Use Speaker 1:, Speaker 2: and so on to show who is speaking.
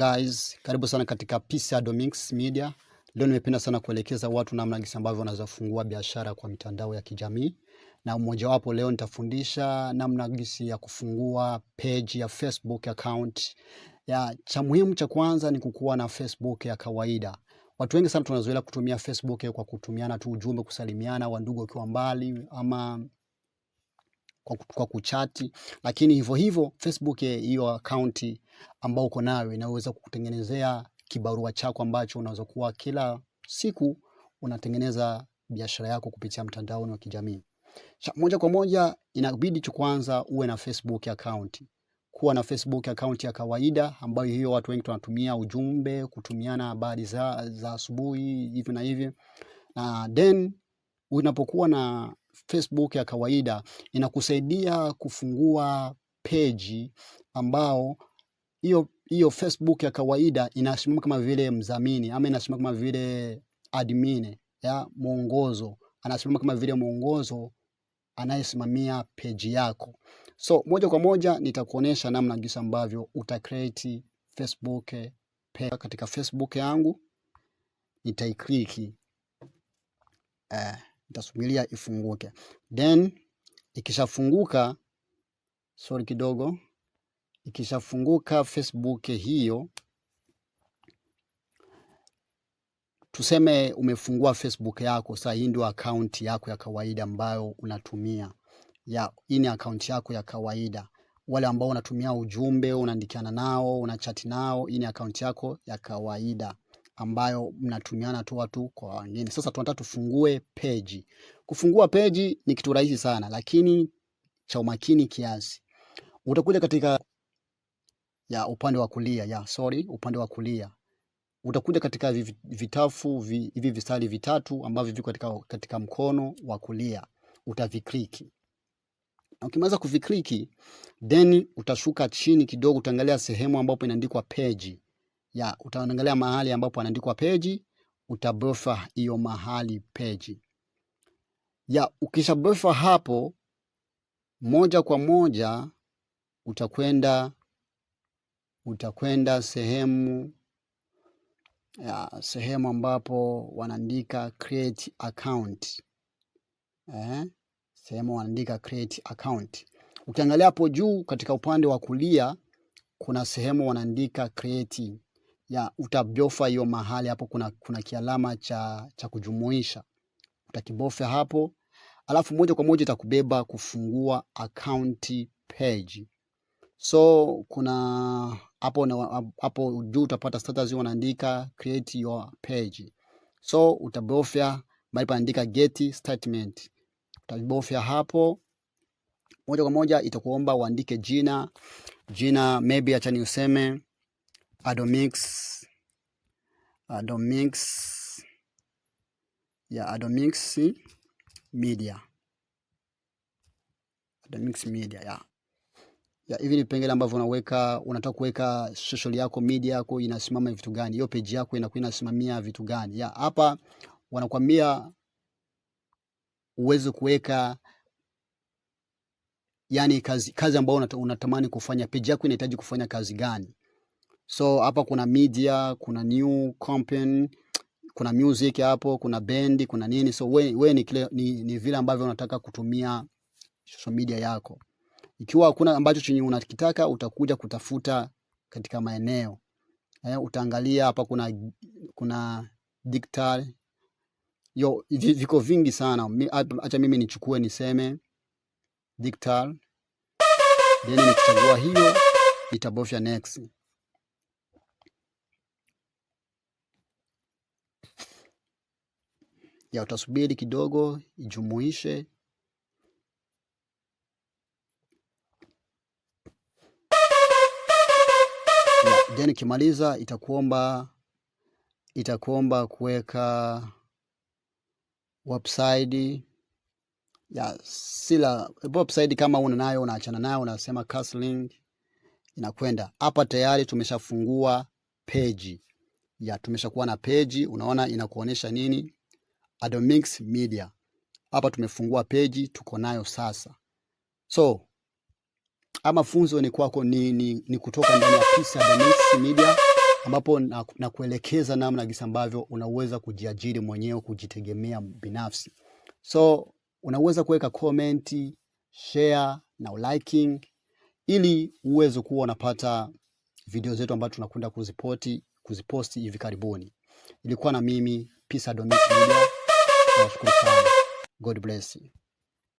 Speaker 1: Guys, karibu sana katika Pisa Dominix Media. Leo nimependa sana kuelekeza watu namna gisi ambavyo wanaweza kufungua biashara kwa mitandao ya kijamii, na mmojawapo leo nitafundisha namna gisi ya kufungua page ya Facebook account. Ya cha muhimu cha kwanza ni kukuwa na Facebook ya kawaida. Watu wengi sana tunazoea kutumia Facebook kwa kutumiana tu ujumbe, kusalimiana, wandugu wakiwa mbali ama kwa kuchati, lakini hivyo hivyo Facebook hiyo akaunti ambao uko nayo inaweza kukutengenezea kibarua chako ambacho unaweza kuwa kila siku unatengeneza biashara yako kupitia mtandaoni wa kijamii. Moja kwa moja inabidi tu kwanza uwe na Facebook account. Kuwa na Facebook account ya kawaida ambayo hiyo watu wengi tunatumia ujumbe, kutumiana habari za za asubuhi hivi na hivi. Na then unapokuwa na Facebook ya kawaida inakusaidia kufungua peji ambao hiyo hiyo Facebook ya kawaida inasimama kama vile mzamini ama inasimama kama vile admin ya mwongozo, anasimama kama vile mwongozo anayesimamia peji yako. So moja kwa moja nitakuonesha namna jinsi ambavyo uta create Facebook page. Katika Facebook yangu nitaikliki eh nitasubiria ifunguke, then ikishafunguka, sorry kidogo, ikishafunguka Facebook hiyo, tuseme umefungua Facebook yako sasa. Hii ndio akaunti yako ya kawaida ambayo unatumia ya, hii ni akaunti yako ya kawaida wale ambao unatumia ujumbe, unaandikiana nao, unachati nao, hii ni akaunti yako ya kawaida ambayo mnatumiana tu watu kwa wengine. Sasa tunataka tufungue peji. Kufungua peji ni kitu rahisi sana, lakini cha umakini kiasi. Utakuja katika ya upande wa kulia ya, sorry, upande wa kulia utakuja katika vitafu hivi vistari vitatu ambavyo viko katika, katika mkono wa kulia utavikliki, na ukimaliza kuvikliki then utashuka chini kidogo, utaangalia sehemu ambapo inaandikwa peji ya utaangalia mahali ambapo anaandikwa peji, utabofa hiyo mahali peji ya. ukishabofa hapo, moja kwa moja utakwenda utakwenda sehemu ya sehemu ambapo wanaandika create account eh, sehemu wanaandika create account. Ukiangalia hapo juu katika upande wa kulia kuna sehemu wanaandika create ya utabofa hiyo mahali hapo, kuna, kuna kialama cha, cha kujumuisha utakibofya hapo, alafu moja kwa moja itakubeba kufungua account page. So kuna hapo hapo juu utapata status wanaandika create your page, so utabofya bali panaandika get statement, utabofya hapo moja kwa moja itakuomba uandike jina jina, maybe acha ni useme Adomix, Adomix ya Adomix Media, Adomix Media ya ya hivi ni vipengele ambavyo unaweka unataka kuweka social yako media yako inasimama vitu gani, hiyo page yako inakuwa inasimamia vitu gani. Ya hapa wanakwambia uweze kuweka yani kazi, kazi ambayo unatamani kufanya, page yako inahitaji kufanya kazi gani? So hapa kuna media, kuna new company, kuna music hapo, kuna bendi, kuna nini. So we, we ni, ni, ni vile ambavyo unataka kutumia social media yako. Ikiwa hakuna ambacho chenye unakitaka, utakuja kutafuta katika maeneo eh, utaangalia hapa kuna, kuna digital yo, viko vingi sana. Acha mimi nichukue niseme digital, then nikichagua hiyo itabofya next. ya utasubiri kidogo ijumuishe then ikimaliza itakuomba itakuomba kuweka website ya sila website kama una nayo unaachana nayo unasema castling inakwenda hapa. Tayari tumeshafungua peji ya tumeshakuwa na page, unaona inakuonesha nini? Adomix Media. Hapa tumefungua page tuko nayo sasa. So, ama funzo ni kwako ni, ni, ni kutoka ndani ya Peace Adomix Media ambapo na na namna gisi ambavyo unaweza kujiajiri mwenyewe kujitegemea binafsi. So, unaweza kuweka comment, share na liking ili uweze kuwa unapata video zetu ambazo tunakwenda kuzipoti kuziposti hivi karibuni. Ilikuwa na mimi Pisa Domit Media. sana. God bless.